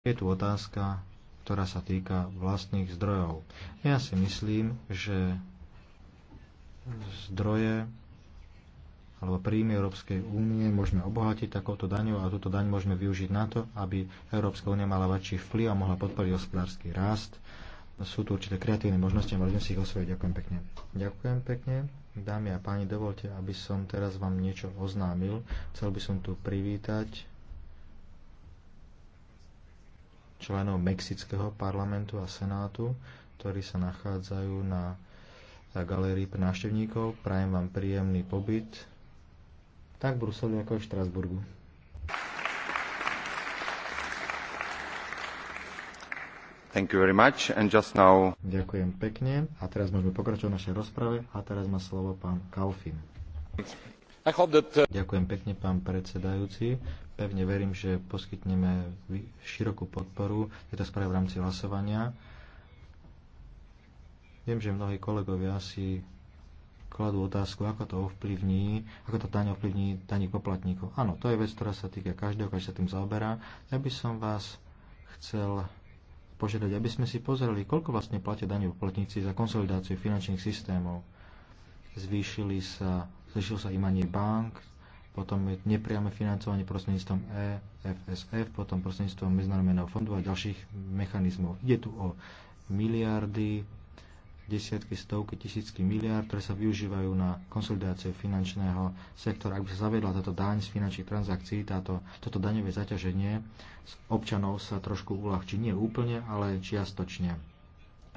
Je tu otázka, ktorá sa týka vlastných zdrojov. Ja si myslím, že zdroje alebo príjmy Európskej únie môžeme obohatiť takouto daňou a túto daň môžeme využiť na to, aby Európska únia mala väčší vplyv a mohla podporiť hospodársky rast. Sú tu určité kreatívne možnosti a môžeme si ich osvojiť. Ďakujem pekne. Ďakujem pekne. Dámy a páni, dovolte, aby som teraz vám niečo oznámil. Chcel by som tu privítať členov Mexického parlamentu a Senátu, ktorí sa nachádzajú na galérii pre návštevníkov. Prajem vám príjemný pobyt tak v Bruseli ako aj v Štrasburgu. Thank you very much. And just now... Ďakujem pekne. A teraz môžeme pokračovať v našej rozprave. A teraz má slovo pán Kalfin. That... Uh- Ďakujem pekne, pán predsedajúci. Pevne verím, že poskytneme širokú podporu tejto správe v rámci hlasovania. Viem, že mnohí kolegovia si kladú otázku, ako to ovplyvní, ako to daň ovplyvní daní poplatníkov. Áno, to je vec, ktorá sa týka každého, každý sa tým zaoberá. Ja by som vás chcel požiadať, aby sme si pozreli, koľko vlastne platia daní poplatníci za konsolidáciu finančných systémov. Zvýšili sa, zvýšil sa imanie bank, potom je nepriame financovanie prostredníctvom EFSF, potom prostredníctvom Medzinárodného fondu a ďalších mechanizmov. Ide tu o miliardy, desiatky, stovky, tisícky miliard, ktoré sa využívajú na konsolidáciu finančného sektora. Ak by sa zavedla táto daň z finančných transakcií, táto, toto daňové zaťaženie z občanov sa trošku uľahčí. Nie úplne, ale čiastočne.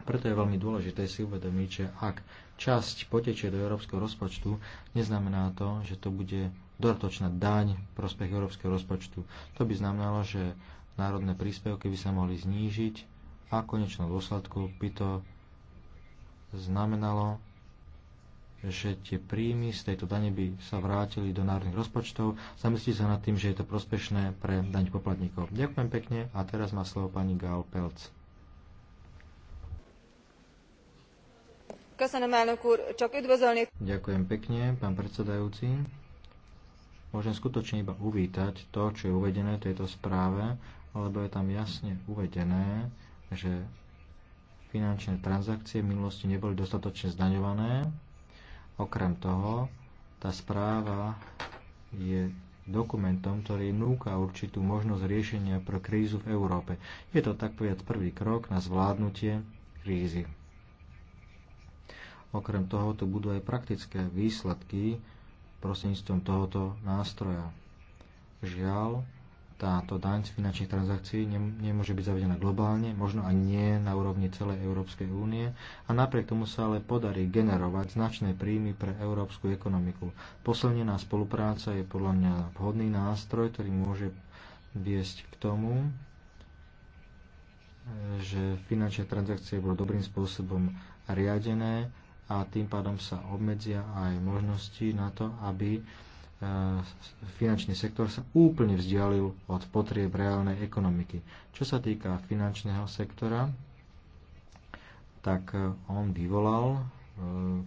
Preto je veľmi dôležité si uvedomiť, že ak časť potečie do európskeho rozpočtu, neznamená to, že to bude dodatočná daň v prospech európskeho rozpočtu. To by znamenalo, že národné príspevky by sa mohli znížiť a v konečnom dôsledku by to znamenalo, že tie príjmy z tejto dane by sa vrátili do národných rozpočtov. Zamyslí sa nad tým, že je to prospešné pre daň poplatníkov. Ďakujem pekne a teraz má slovo pani Gál Pelc. Ďakujem pekne, pán predsedajúci. Môžem skutočne iba uvítať to, čo je uvedené v tejto správe, lebo je tam jasne uvedené, že finančné transakcie v minulosti neboli dostatočne zdaňované. Okrem toho, tá správa je dokumentom, ktorý núka určitú možnosť riešenia pre krízu v Európe. Je to tak povedať prvý krok na zvládnutie krízy. Okrem toho tu budú aj praktické výsledky prostredníctvom tohoto nástroja. Žiaľ, táto daň z finančných transakcií nemôže byť zavedená globálne, možno ani nie na úrovni celej Európskej únie a napriek tomu sa ale podarí generovať značné príjmy pre európsku ekonomiku. Poslednená spolupráca je podľa mňa vhodný nástroj, ktorý môže viesť k tomu, že finančné transakcie budú dobrým spôsobom riadené a tým pádom sa obmedzia aj možnosti na to, aby e, finančný sektor sa úplne vzdialil od potrieb reálnej ekonomiky. Čo sa týka finančného sektora, tak e, on vyvolal e,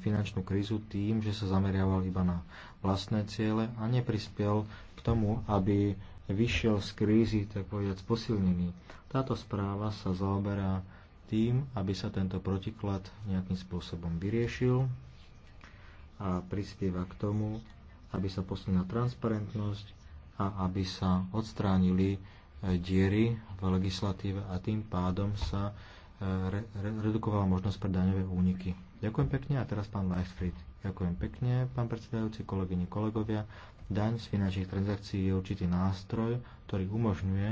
finančnú krízu tým, že sa zameriaval iba na vlastné ciele a neprispel k tomu, aby vyšiel z krízy, tak povedať, posilnený. Táto správa sa zaoberá tým, aby sa tento protiklad nejakým spôsobom vyriešil a prispieva k tomu, aby sa posunula transparentnosť a aby sa odstránili e, diery v legislatíve a tým pádom sa e, re, re, redukovala možnosť pre daňové úniky. Ďakujem pekne a teraz pán Leichfried. Ďakujem pekne, pán predsedajúci, kolegyni, kolegovia. Daň z finančných transakcií je určitý nástroj, ktorý umožňuje,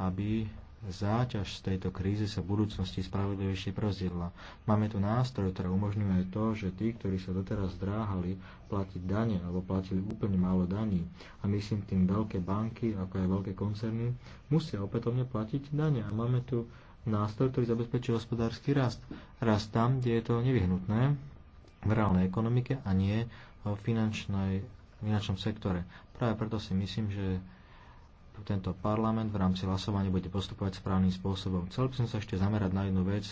aby záťaž z tejto krízy sa v budúcnosti spravodlivejšie prozdielila. Máme tu nástroj, ktorý umožňuje to, že tí, ktorí sa doteraz zdráhali platiť dane alebo platili úplne málo daní, a myslím tým veľké banky, ako aj veľké koncerny, musia opätovne platiť dane. A máme tu nástroj, ktorý zabezpečí hospodársky rast. Rast tam, kde je to nevyhnutné, v reálnej ekonomike a nie v finančnej, finančnom sektore. Práve preto si myslím, že tento parlament v rámci hlasovania bude postupovať správnym spôsobom. Chcel by som sa ešte zamerať na jednu vec,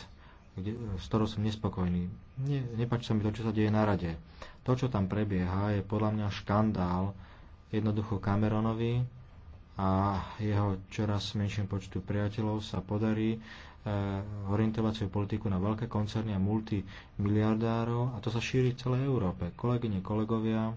kde, s ktorou som nespokojný. Ne, nepáči sa mi to, čo sa deje na rade. To, čo tam prebieha, je podľa mňa škandál jednoducho Cameronovi a jeho čoraz menším počtu priateľov sa podarí e, orientovať svoju politiku na veľké koncerny a multimiliardárov a to sa šíri v celej Európe. Kolegyne, kolegovia,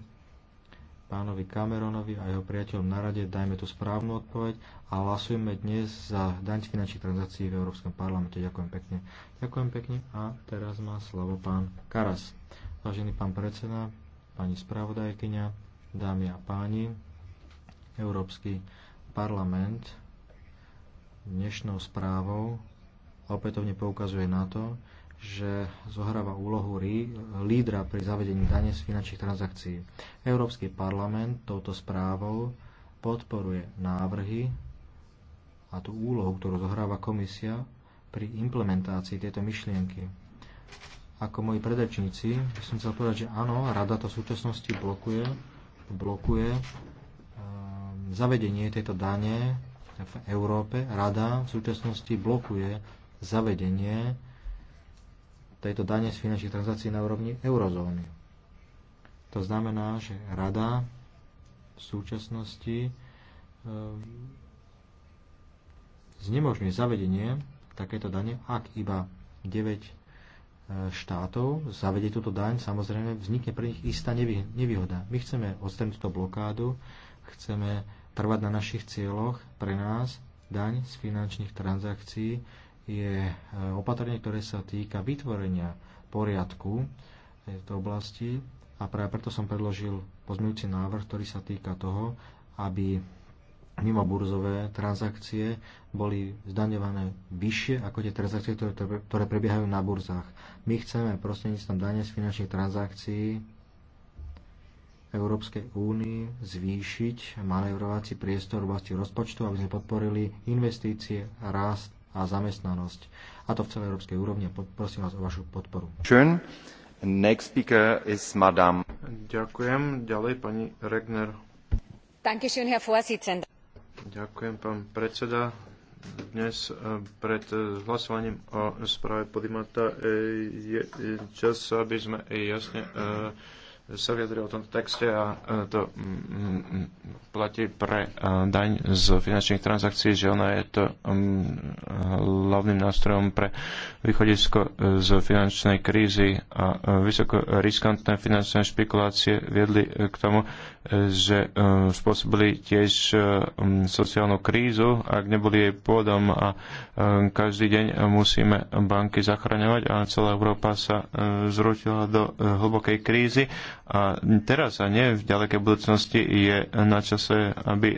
pánovi Cameronovi a jeho priateľom na rade, dajme tú správnu odpoveď a hlasujeme dnes za daň z finančných transakcií v Európskom parlamente. Ďakujem pekne. Ďakujem pekne a teraz má slovo pán Karas. Vážený pán predseda, pani spravodajkyňa, dámy a páni, Európsky parlament dnešnou správou opätovne poukazuje na to, že zohráva úlohu lídra pri zavedení dane z finančných transakcií. Európsky parlament touto správou podporuje návrhy a tú úlohu, ktorú zohráva komisia pri implementácii tejto myšlienky. Ako moji predrečníci by som chcel povedať, že áno, rada to v súčasnosti blokuje, blokuje e, zavedenie tejto dane v Európe. Rada v súčasnosti blokuje zavedenie tejto dane z finančných transakcií na úrovni eurozóny. To znamená, že rada v súčasnosti ehm, znemožňuje zavedenie takéto dane, ak iba 9 e, štátov zavedie túto daň, samozrejme vznikne pre nich istá nevýhoda. My chceme odstrániť túto blokádu, chceme trvať na našich cieľoch pre nás daň z finančných transakcií je e, opatrenie, ktoré sa týka vytvorenia poriadku e, v tejto oblasti a práve preto som predložil pozmeňujúci návrh, ktorý sa týka toho, aby mimo burzové transakcie boli zdaňované vyššie ako tie transakcie, ktoré, ktoré prebiehajú na burzách. My chceme prostredníctvom dane z finančných transakcií Európskej únii zvýšiť manevrovací priestor v oblasti rozpočtu, aby sme podporili investície, rast a zamestnanosť. A to v celej európskej úrovni. Prosím vás o vašu podporu. Schön. Next speaker is Madame. Ďakujem. Ďalej pani Regner. Dankeschön, Herr Vorsitzender. Ďakujem, pán predseda. Dnes eh, pred eh, hlasovaním o správe Podimata eh, je čas, aby sme jasne uh, sa vyjadril o tomto texte a e, to platí pre e, daň z finančných transakcií, že ona je to hlavným nástrojom pre východisko e, z finančnej krízy a vysoko riskantné finančné špekulácie viedli k tomu, že spôsobili tiež sociálnu krízu, ak neboli jej pôdom a každý deň musíme banky zachraňovať a celá Európa sa zrutila do hlbokej krízy a teraz a nie v ďalekej budúcnosti je na čase, aby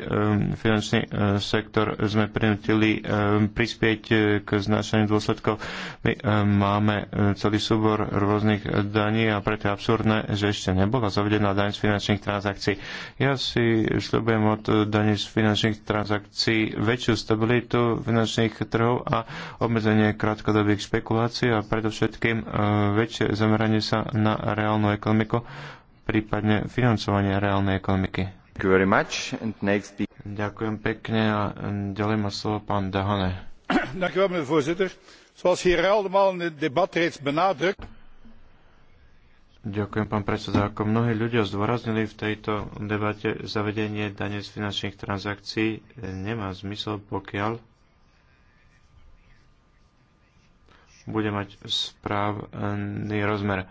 finančný e, sektor sme prinútili prispieť e, k znášaniu dôsledkov. My máme e, celý súbor rôznych daní a preto je absurdné, že ešte nebola zavedená daň z finančných transakcií. Ja si sľubujem od daní z finančných transakcií väčšiu stabilitu finančných trhov a obmedzenie krátkodobých špekulácií a predovšetkým väčšie zameranie sa na reálnu ekonomiku prípadne financovania reálnej ekonomiky. Ďakujem pekne a ďalej ma slovo pán Dahane. Ďakujem, pán predseda. Ako mnohí ľudia zdôraznili v tejto debate, zavedenie dane z finančných transakcií eh, nemá zmysel, pokiaľ bude mať správny rozmer.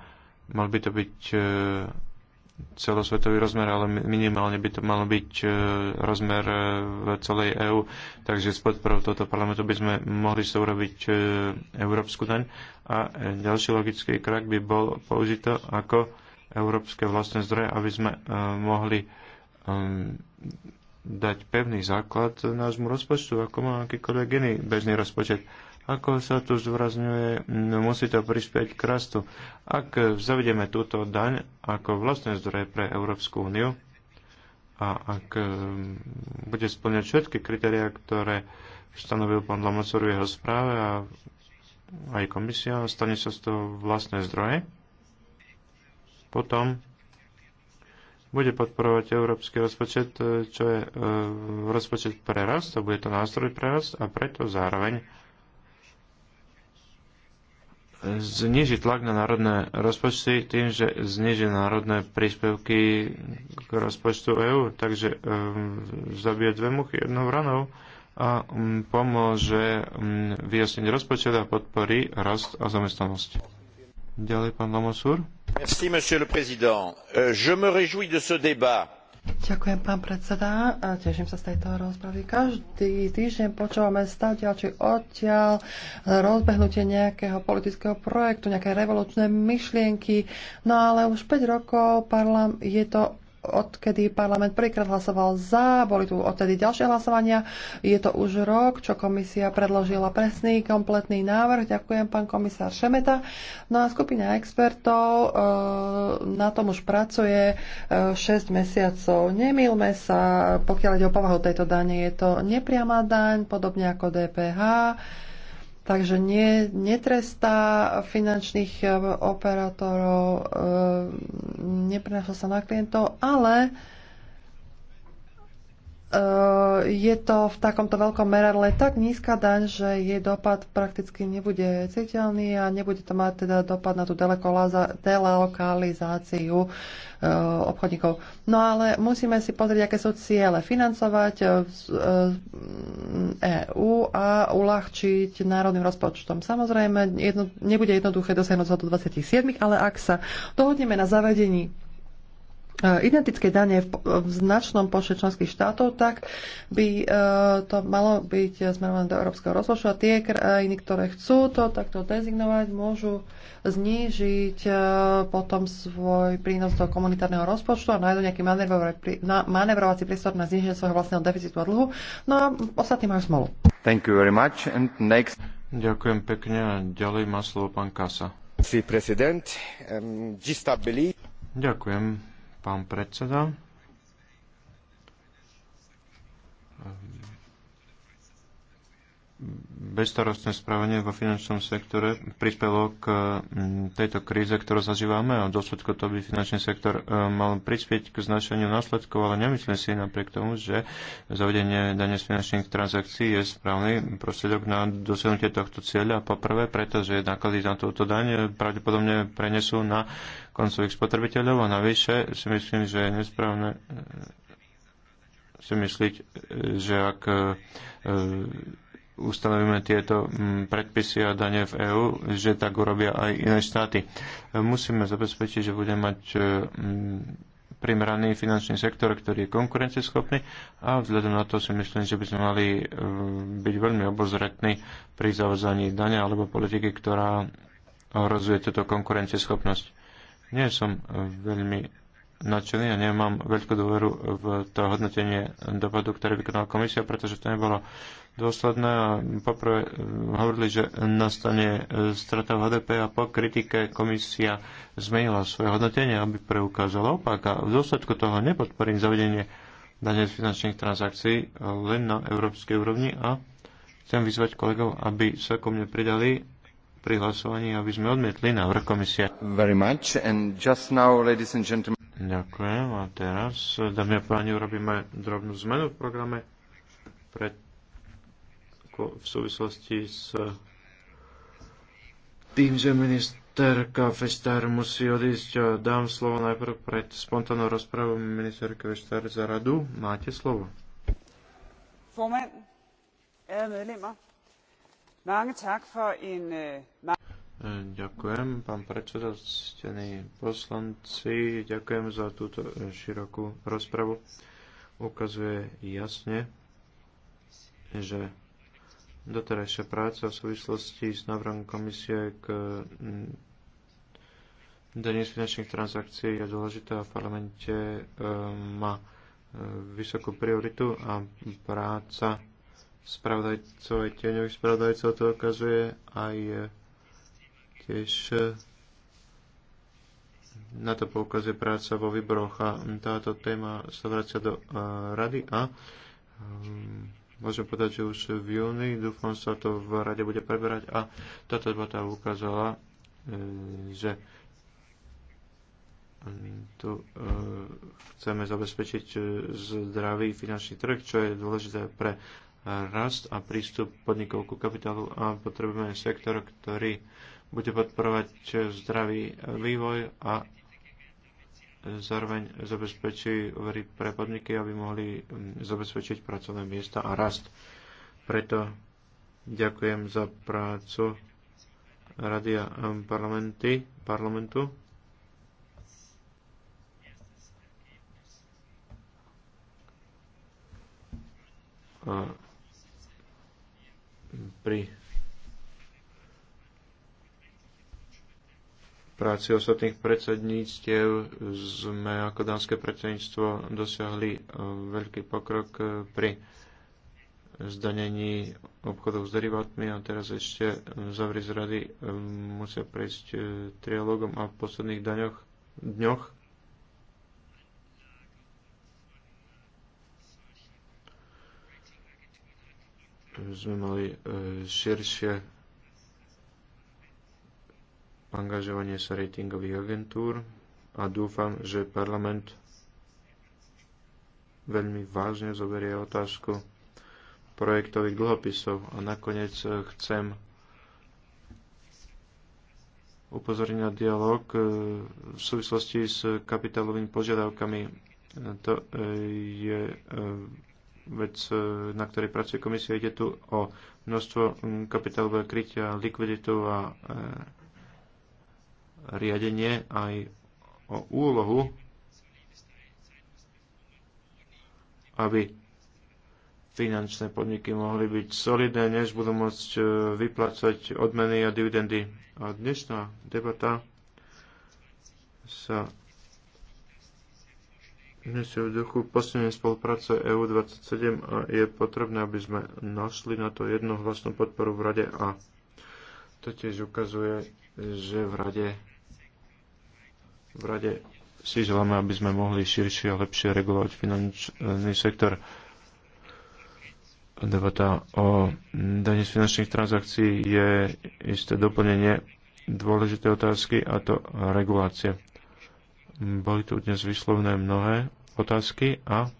Mal by to byť eh, celosvetový rozmer, ale minimálne by to malo byť e, rozmer e, v celej EÚ. Takže s podporou tohto parlamentu by sme mohli sa urobiť e, európsku daň. A ďalší logický krok by bol použiť to ako európske vlastné zdroje, aby sme mohli um, dať pevný základ nášmu rozpočtu, ako má akýkoľvek iný bežný rozpočet. Ako sa tu zdôrazňuje, musí to prispieť k rastu. Ak zavedeme túto daň ako vlastné zdroje pre Európsku úniu a ak eh, bude splňať všetky kritériá, ktoré stanovil pán Lamacor v jeho správe a aj komisia, stane sa z toho vlastné zdroje, potom bude podporovať európsky rozpočet, eh, čo je e, rozpočet pre rast a bude to nástroj pre rast a preto zároveň zniží tlak na národné rozpočty tým, že zniží národné príspevky k rozpočtu EÚ. Takže um, zabije dve muchy jednou ranou a um, pomôže um, vyjasniť rozpočet a podporí rast a zamestnanosť. Ďalej pán Lamosur. Merci, monsieur le président. Euh, je me réjouis de ce débat Ďakujem, pán predseda. A teším sa z tejto rozpravy. Každý týždeň počúvame stadiaľ či odtiaľ rozbehnutie nejakého politického projektu, nejaké revolučné myšlienky. No ale už 5 rokov parlam, je to odkedy parlament prvýkrát hlasoval za, boli tu odtedy ďalšie hlasovania. Je to už rok, čo komisia predložila presný, kompletný návrh. Ďakujem, pán komisár Šemeta. No a skupina expertov e, na tom už pracuje 6 e, mesiacov. nemýlme sa, pokiaľ ide o povahu tejto dane, je to nepriama daň, podobne ako DPH Takže nie, netrestá finančných eh, operátorov, eh, neprenáša sa na klientov, ale Eh, je to v takomto veľkom meradle tak nízka daň, že jej dopad prakticky nebude citeľný a nebude to mať teda dopad na tú delokalizáciu eh, obchodníkov. No ale musíme si pozrieť, aké sú ciele. Financovať EÚ eh, a uľahčiť národným rozpočtom. Samozrejme, jedno, nebude jednoduché dosiahnuť zhodu 27, ale ak sa dohodneme na zavedení E, identické dane v, v značnom počte členských štátov, tak by e, to malo byť smerované do európskeho rozpočtu a tie krajiny, ktoré chcú to takto dezignovať, môžu znížiť e, potom svoj prínos do komunitárneho rozpočtu a nájdú nejaký manevrovací priestor na zníženie svojho vlastného deficitu a dlhu. No a ostatní majú smolu. Thank you very much. And next... Ďakujem pekne a ďalej má slovo pán Kasa. Ďakujem. Pán predseda, bezstarostné správanie vo finančnom sektore prispelo k mm, tejto kríze, ktorú zažívame a dôsledku to by finančný sektor e, mal prispieť k znašeniu následkov, ale nemyslím si napriek tomu, že zavedenie dane z finančných transakcií je správny prostriedok na dosiahnutie tohto cieľa. Poprvé, pretože náklady na túto daň pravdepodobne prenesú na koncových spotrebiteľov a navyše si myslím, že je nesprávne e, si myslieť, e, že ak ustanovíme tieto mm, predpisy a dane v EÚ, že tak urobia aj iné štáty. Musíme zabezpečiť, že budeme mať e, mm, primeraný finančný sektor, ktorý je konkurenceschopný a vzhľadom na to si myslím, že by sme mali e, byť veľmi obozretní pri zavádzaní dania alebo politiky, ktorá ohrozuje túto konkurenceschopnosť. Nie som e, veľmi nadšený a ja nemám veľkú dôveru v to hodnotenie dopadu, ktoré vykonala komisia, pretože to nebolo dôsledné a poprvé eh, hovorili, že nastane eh, strata v HDP a po kritike komisia zmenila svoje hodnotenie, aby preukázala opak a v dôsledku toho nepodporím zavedenie dane z finančných transakcií len na európskej úrovni a chcem vyzvať kolegov, aby sa ku mne pridali pri hlasovaní, aby sme odmietli návrh komisie. Very much. And just now, ladies and gentlemen... Ďakujem. A teraz, dámy a páni, urobíme drobnú zmenu v programe pre, v súvislosti s tým, že ministerka Festár musí odísť. Dám slovo najprv pred spontánnou rozprávou ministerke Festár za radu. Máte slovo. Formand, ærede medlemmer, mange tak for en... Uh, Ďakujem, pán predseda, ctení poslanci. Ďakujem za túto širokú rozpravu. Ukazuje jasne, že doterajšia práca v súvislosti s návrhom komisie k mm, daní z finančných transakcií je dôležitá v parlamente ehm, má e, vysokú prioritu a práca spravodajcov aj tieňových spravodajcov to ukazuje aj Tiež e, na to poukazuje práca vo výboroch a táto téma sa vracia do e, rady a e, môžem povedať, že už v júni, dúfam sa to v rade bude preberať a táto debata ukázala, že tu chceme zabezpečiť zdravý finančný trh, čo je dôležité pre rast a prístup podnikov ku kapitálu a potrebujeme sektor, ktorý bude podporovať zdravý vývoj a zároveň zabezpečí úvery pre podniky, aby mohli mm, zabezpečiť pracovné miesta a rast. Preto ďakujem za prácu Radia parlamenty, parlamentu. A pri práci ostatných predsedníctiev sme ako dánske predsedníctvo dosiahli e, veľký pokrok e, pri zdanení obchodov s derivátmi a teraz ešte zavri z rady e, musia prejsť trialogom a v posledných daňoch, dňoch sme mali širšie angažovanie sa ratingových agentúr a dúfam, že parlament veľmi vážne zoberie otázku projektových dlhopisov a nakoniec eh, chcem upozorniť na dialog eh, v súvislosti s kapitálovými požiadavkami. To eh, je vec, na ktorej pracuje komisia. Ide tu o množstvo hm, kapitálového krytia, likviditu a riadenie aj o úlohu, aby finančné podniky mohli byť solidné, než budú môcť e, vyplácať odmeny a dividendy. A dnešná debata sa je v duchu posilnenia spolupráce EU27 a je potrebné, aby sme našli na to jednohlasnú podporu v Rade a to tiež ukazuje, že v Rade v rade si želáme, aby sme mohli širšie a lepšie regulovať finančný sektor. Debata o daní z finančných transakcií je isté doplnenie dôležité otázky a to regulácie. Boli tu dnes vyslovné mnohé otázky a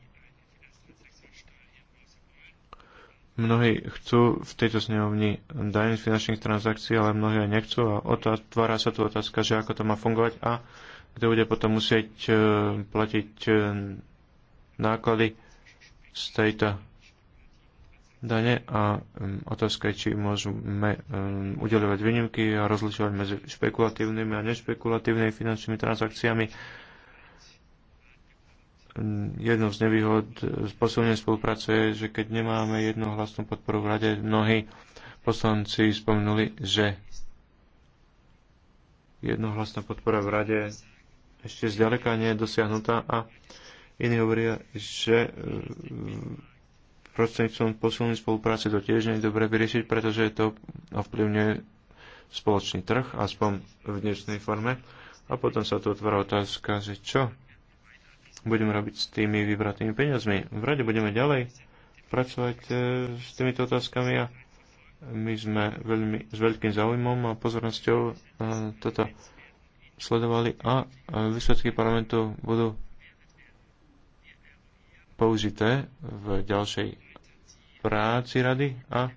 mnohí chcú v tejto snehovni daň z finančných transakcií, ale mnohí aj nechcú a otvára sa tu otázka, že ako to má fungovať a kde bude potom musieť e, platiť e, náklady z tejto dane a otázka je, či môžeme e, udelovať výnimky a rozlišovať medzi špekulatívnymi a nešpekulatívnymi finančnými transakciami. Jednou z nevýhod z posilnej spolupráce je, že keď nemáme jednohlasnú podporu v rade, mnohí poslanci spomenuli, že jednohlasná podpora v rade ešte zďaleka nie je dosiahnutá a iní hovoria, že e, prostredníctvom posilnej spolupráce to tiež nie je dobre vyriešiť, pretože to ovplyvňuje spoločný trh, aspoň v dnešnej forme. A potom sa tu otvára otázka, že čo budeme robiť s tými vybratými peniazmi. V rade budeme ďalej pracovať e, s týmito otázkami a my sme veľmi, s veľkým záujmom a pozornosťou e, toto sledovali a výsledky parlamentu budú použité v ďalšej práci rady a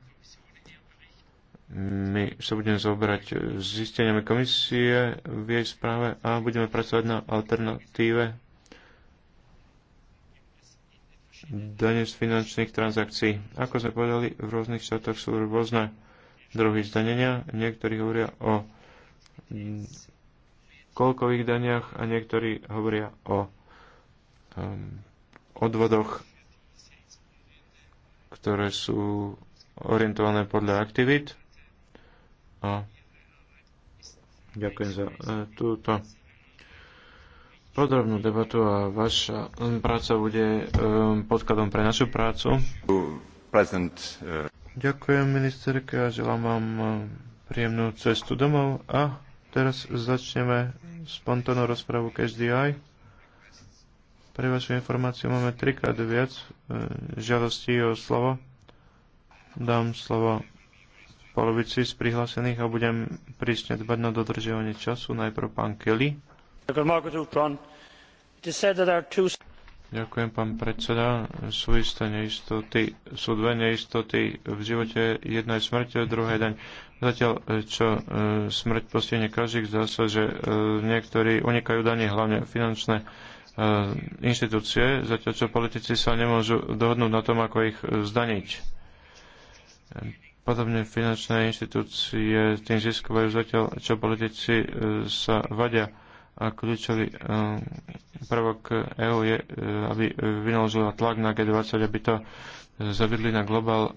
my sa budeme zoberať zisteniami komisie v jej správe a budeme pracovať na alternatíve dane z finančných transakcií. Ako sme povedali, v rôznych štátoch sú rôzne druhy zdanenia. Niektorí hovoria o koľkových daniach a niektorí hovoria o um, odvodoch, ktoré sú orientované podľa aktivít. A ďakujem za e, túto podrobnú debatu a vaša um, práca bude um, podkladom pre našu prácu. Present, uh... E- ďakujem ministerke a želám vám um, príjemnú cestu domov a Teraz začneme spontánnu rozpravu k SDI. Pre vašu informáciu máme trikrát viac e, žiadostí o slovo. Dám slovo polovici z prihlásených a budem prísne dbať na dodržiavanie času. Najprv pán Kelly. Ďakujem, pán predseda. Sú isté neistoty, sú dve neistoty v živote. Jedna je smrť, druhá je daň. Zatiaľ, e, čo e, smrť postihne každých, zdá sa, že e, niektorí unikajú danie, hlavne finančné e, inštitúcie, zatiaľ čo politici sa nemôžu dohodnúť na tom, ako ich e, zdaniť. Podobne finančné inštitúcie tým získajú zatiaľ, čo politici sa vadia a kľúčový eh, prvok EÚ je, eh, aby eh, vynaložila tlak na G20, aby to zavedli na globálnej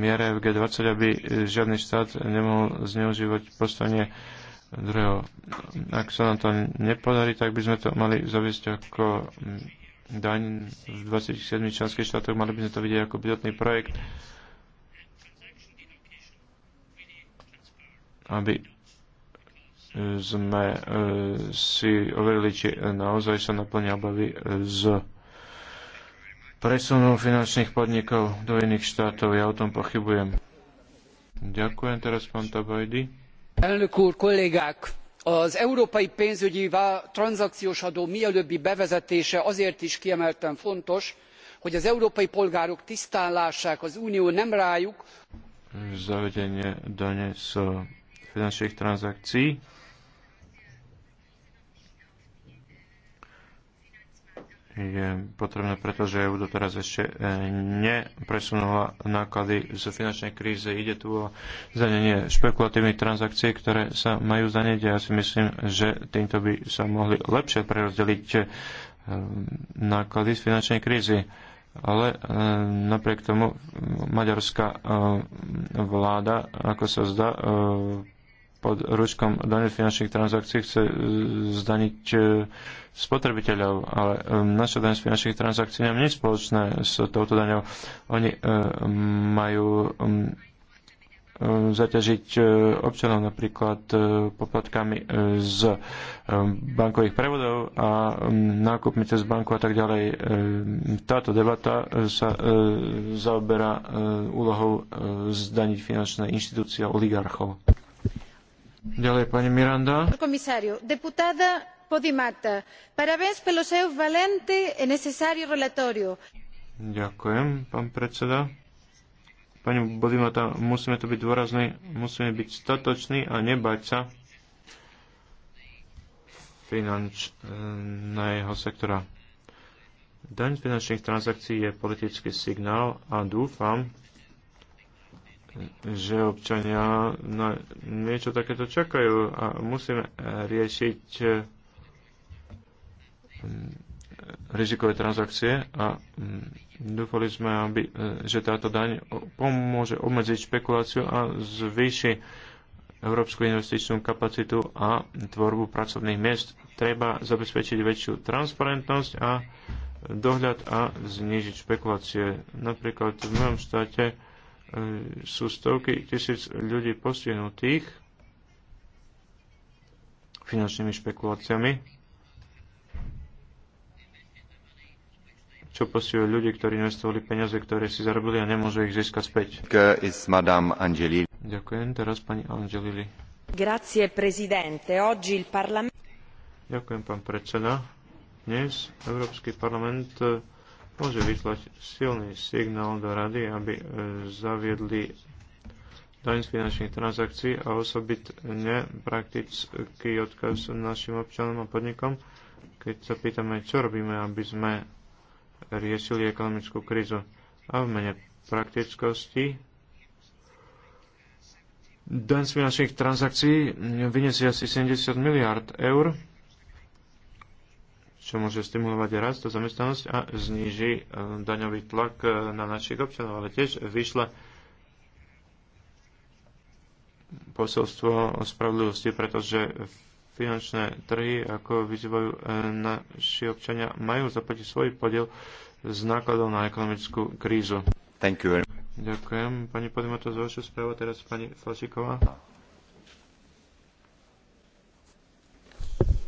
miere v G20, aby žiadny štát nemohol zneužívať postavenie druhého. Ak sa nám to nepodarí, tak by sme to mali zaviesť ako mm, daň v 27 členských štátoch, mali by sme to vidieť ako pilotný projekt, aby sme e, si overili, či naozaj sa naplňa obavy z presunú finančných podnikov do iných štátov. Ja o tom pochybujem. Ďakujem teraz pán Tabajdy. Elnök úr, kollégák! Az európai pénzügyi tranzakciós adó mielőbbi bevezetése azért is kiemelten fontos, hogy az európai polgárok tisztán lássák, az unió nem rájuk. Zavedenie dane z finančných transakcií je potrebné, pretože EU doteraz ešte e, nepresunula náklady z finančnej kríze. Ide tu o zdanenie špekulatívnych transakcií, ktoré sa majú zdanenie. Ja si myslím, že týmto by sa mohli lepšie prerozdeliť e, náklady z finančnej krízy. Ale e, napriek tomu maďarská vláda, ako sa zdá, pod ručkom daných finančných transakcií chce e, zdaniť e, spotrebiteľov, ale e, naša daň z finančných transakcií nie je spoločné s touto daňou. Oni majú zaťažiť občanov napríklad poplatkami z bankových prevodov a nákupmi cez banku a tak ďalej. Táto debata sa zaoberá úlohou zdaniť finančné inštitúcie oligarchov. Ďalej pani Miranda. Komisario, deputada Podimata, parabéns pelo seu valente e necesario relatorio. Ďakujem, pán predseda. Pani Bodimata, musíme to byť dôrazní, musíme byť statoční a nebať sa finančného sektora. Daň finančných transakcií je politický signál a dúfam, že občania na niečo takéto čakajú a musíme riešiť eh, mm, rizikové transakcie a mm, dúfali sme, aby, eh, že táto daň pomôže obmedziť špekuláciu a zvýši európsku investičnú kapacitu a tvorbu pracovných miest. Treba zabezpečiť väčšiu transparentnosť a dohľad a znižiť špekulácie. Napríklad v mojom štáte E, sú stovky tisíc ľudí postihnutých finančnými špekuláciami, čo postihujú ľudí, ktorí investovali peniaze, ktoré si zarobili a nemôžu ich získať späť. Ďakujem, teraz pani Angelili. Grazie, prezidente. Oggi il parlament... Ďakujem, pán predseda. Dnes Európsky parlament môže vyslať silný signál do rady, aby e, zaviedli daň z finančných transakcií a osobitne praktický odkaz našim občanom a podnikom, keď sa pýtame, čo robíme, aby sme riešili ekonomickú krízu. A v mene praktickosti daň z finančných transakcií vyniesie asi 70 miliard eur čo môže stimulovať rast a zamestnanosť a zníži e, daňový tlak e, na našich občanov, ale tiež vyšla posolstvo o spravodlivosti, pretože finančné trhy, ako vyzývajú e, naši občania, majú zaplatiť svoj podiel z nákladov na ekonomickú krízu. Thank you. Ďakujem, pani Podimoto, za vašu správu. Teraz pani Flašiková.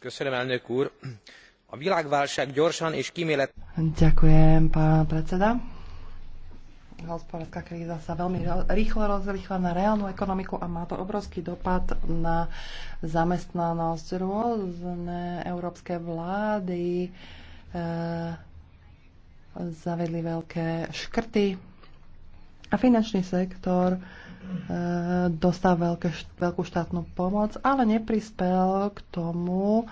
Ďakujem, pán predseda. Hospodárska kríza sa veľmi rýchlo rozrýchla na reálnu ekonomiku a má to obrovský dopad na zamestnanosť. Rôzne európske vlády eh, zavedli veľké škrty a finančný sektor E, dostal veľké, veľkú štátnu pomoc, ale neprispel k tomu,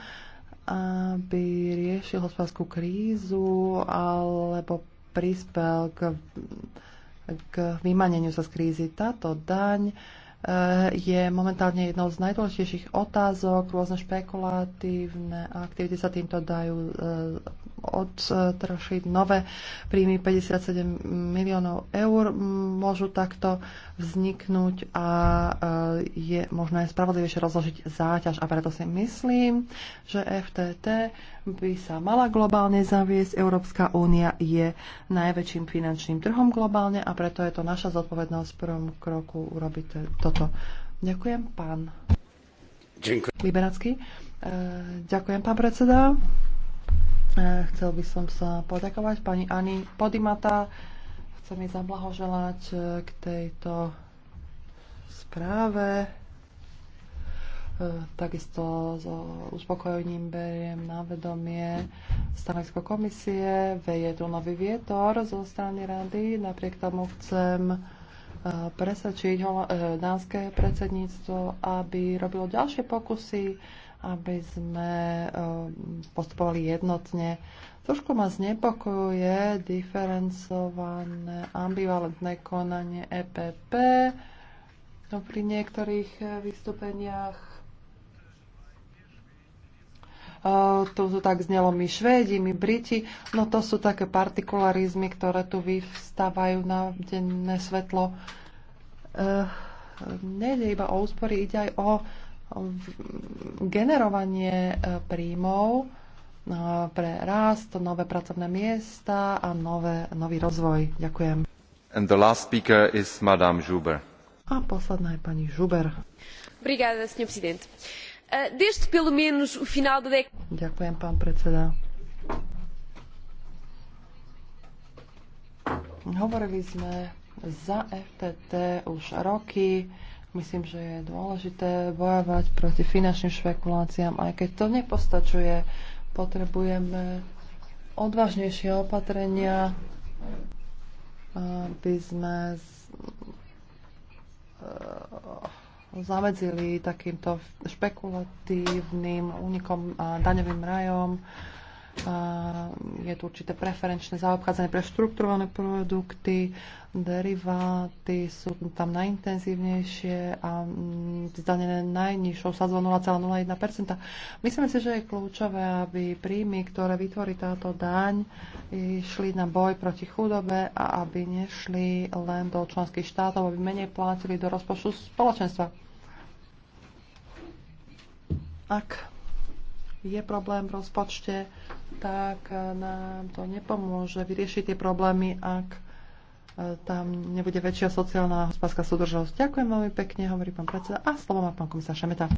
aby riešil hospodárskú krízu alebo prispel k, k vymaneniu sa z krízy. Táto daň e, je momentálne jednou z najdôležitejších otázok. Rôzne špekulatívne aktivity sa týmto dajú e, od odtrašiť nové príjmy 57 miliónov eur môžu takto vzniknúť a e, je možné spravodlivejšie rozložiť záťaž. A preto si myslím, že FTT by sa mala globálne zaviesť. Európska únia je najväčším finančným trhom globálne a preto je to naša zodpovednosť v prvom kroku urobiť toto. Ďakujem, pán Ďakujem. Liberacký. E, ďakujem, pán predseda. E, chcel by som sa poďakovať pani Ani Podimata. Chcem mi zablahoželať e, k tejto správe. E, takisto s uspokojením beriem na vedomie stanovisko komisie. Veje tu nový vietor zo strany rady. Napriek tomu chcem presvedčiť dánske predsedníctvo, aby robilo ďalšie pokusy aby sme eh, postupovali jednotne. Trošku ma znepokojuje diferencované ambivalentné konanie EPP. No, pri niektorých eh, vystúpeniach eh, to sú tak znelo my Švédi, my Briti, no to sú také partikularizmy, ktoré tu vyvstávajú na denné svetlo. Uh, nejde iba o úspory, ide aj o generovanie e, príjmov e, pre rast, nové pracovné miesta a nové, nový rozvoj. Ďakujem. And the last speaker is Madame Juber. A posledná je pani Žuber. Obrigada, senhor presidente. Eh, desde pelo menos o final da década... Ďakujem, pán predseda. Hovorili sme za FTT už roky Myslím, že je dôležité bojovať proti finančným špekuláciám, aj keď to nepostačuje. Potrebujeme odvážnejšie opatrenia, aby sme e, zamedzili takýmto špekulatívnym únikom a daňovým rajom je tu určité preferenčné zaobchádzanie pre štrukturované produkty, deriváty sú tam najintenzívnejšie a mm, zdanené najnižšou sadzou 0,01%. Myslím si, že je kľúčové, aby príjmy, ktoré vytvorí táto daň, išli na boj proti chudobe a aby nešli len do členských štátov, aby menej platili do rozpočtu spoločenstva. Ak je problém v rozpočte, tak eh, nám to nepomôže vyriešiť tie problémy, ak eh, tam nebude väčšia sociálna hospodárska súdržnosť. Ďakujem veľmi pekne, hovorí pán predseda. A slovo má pán komisár Šemeta.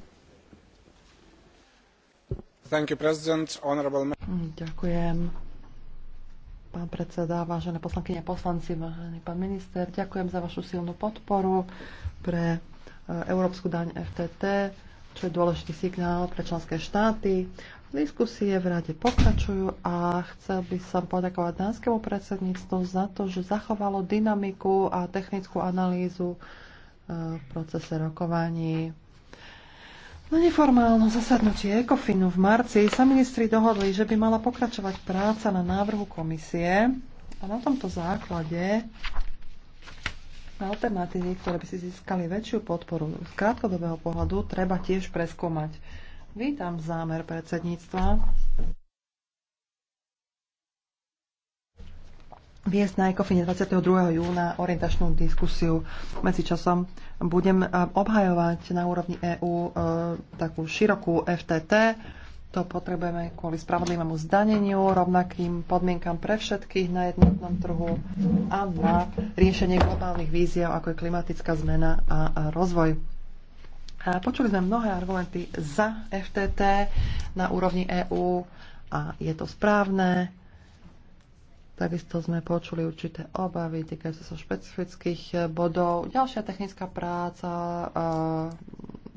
Thank you, president, honorable... Mm, ďakujem. Pán predseda, vážené poslankyne a poslanci, vážený pán minister, ďakujem za vašu silnú podporu pre eh, Európsku daň FTT, čo je dôležitý signál pre členské štáty Diskusie v rade pokračujú a chcel by som poďakovať dánskemu predsedníctvu za to, že zachovalo dynamiku a technickú analýzu e, v procese rokovaní. Na neformálnom zasadnutie ECOFINu v marci sa ministri dohodli, že by mala pokračovať práca na návrhu komisie a na tomto základe alternatívy, ktoré by si získali väčšiu podporu z krátkodobého pohľadu, treba tiež preskúmať. Vítam zámer predsedníctva. viesť na ECOFINE 22. júna orientačnú diskusiu. Medzičasom budem eh, obhajovať na úrovni EÚ e, eh, takú širokú FTT. To potrebujeme kvôli spravodlivému zdaneniu, rovnakým podmienkam pre všetkých na jednotnom trhu a na riešenie globálnych víziev, ako je klimatická zmena a rozvoj Počuli sme mnohé argumenty za FTT na úrovni EÚ a je to správne. Takisto sme počuli určité obavy týkajúce sa špecifických bodov. Ďalšia technická práca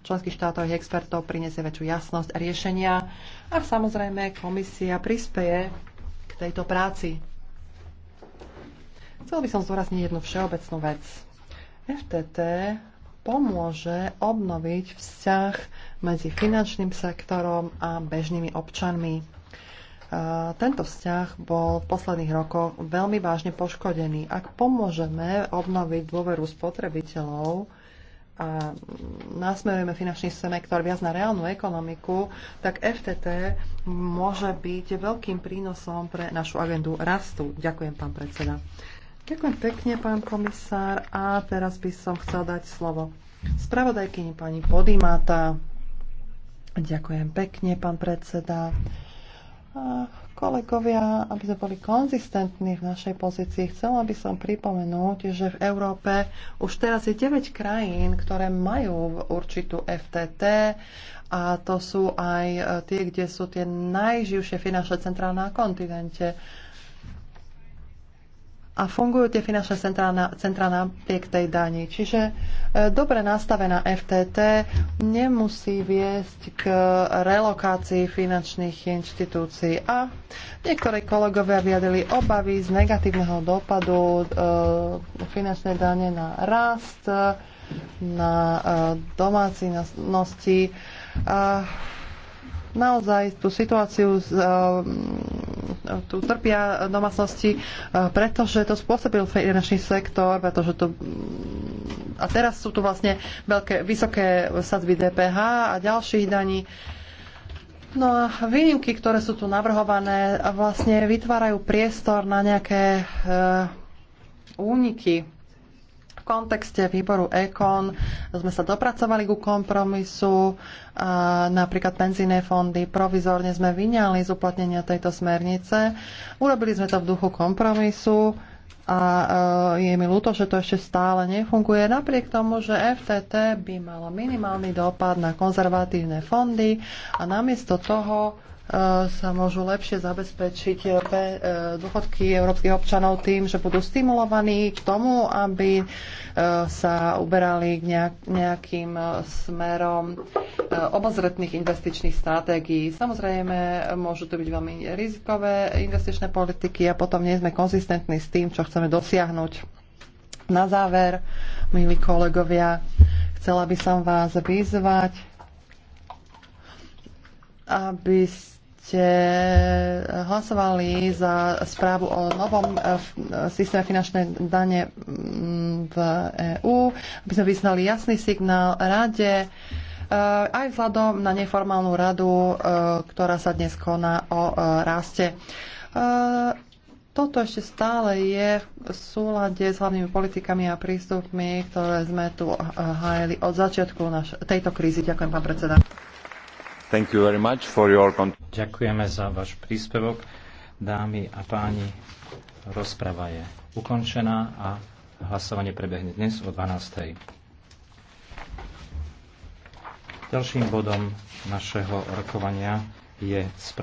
členských štátov a expertov priniesie väčšiu jasnosť a riešenia a samozrejme komisia prispeje k tejto práci. Chcel by som zdôrazniť jednu všeobecnú vec. FTT pomôže obnoviť vzťah medzi finančným sektorom a bežnými občanmi. E, tento vzťah bol v posledných rokoch veľmi vážne poškodený. Ak pomôžeme obnoviť dôveru spotrebiteľov, a nasmerujeme finančný sektor viac na reálnu ekonomiku, tak FTT môže byť veľkým prínosom pre našu agendu rastu. Ďakujem, pán predseda. Ďakujem pekne, pán komisár. A teraz by som chcel dať slovo spravodajkyni pani Podimata. Ďakujem pekne, pán predseda. A kolegovia, aby sme boli konzistentní v našej pozícii, chcela by som pripomenúť, že v Európe už teraz je 9 krajín, ktoré majú určitú FTT a to sú aj tie, kde sú tie najživšie finančné centrá na kontinente a fungujú tie finančné centrá, na, napriek tej dani. Čiže e, dobre nastavená FTT nemusí viesť k relokácii finančných inštitúcií. A niektorí kolegovia vyjadrili obavy z negatívneho dopadu e, finančnej dane na rast, na e, domácnosti. E, Naozaj tú situáciu eh, tu trpia domácnosti, eh, pretože to spôsobil finančný sektor, pretože to a teraz sú tu vlastne veľké, vysoké sadzby DPH a ďalších daní. No a výnimky, ktoré sú tu navrhované, vlastne vytvárajú priestor na nejaké e, úniky kontexte výboru EKON sme sa dopracovali ku kompromisu. A napríklad penzíne fondy provizorne sme vyňali z uplatnenia tejto smernice. Urobili sme to v duchu kompromisu a e, je mi ľúto, že to ešte stále nefunguje, napriek tomu, že FTT by malo minimálny dopad na konzervatívne fondy a namiesto toho E, sa môžu lepšie zabezpečiť e, e, dôchodky európskych občanov tým, že budú stimulovaní k tomu, aby sa uberali k nejakým smerom obozretných investičných stratégií. Samozrejme, môžu to byť veľmi rizikové investičné politiky a potom nie sme konzistentní s tým, čo chceme dosiahnuť. Na záver, milí kolegovia, chcela by som vás vyzvať, aby ste ste eh, hlasovali za správu o novom eh, eh, systéme finančnej dane mm, v EÚ, aby sme vyznali jasný signál rade, aj vzhľadom na neformálnu radu, ktorá sa dnes koná o raste. Toto ešte stále je v súlade s hlavnými politikami a prístupmi, ktoré sme tu hájili od začiatku tejto krízy. Ďakujem, pán predseda. Ďakujeme za váš príspevok. Dámy a páni, rozprava je ukončená a hlasovanie prebehne dnes o 12.00. Ďalším bodom našeho rokovania je správa.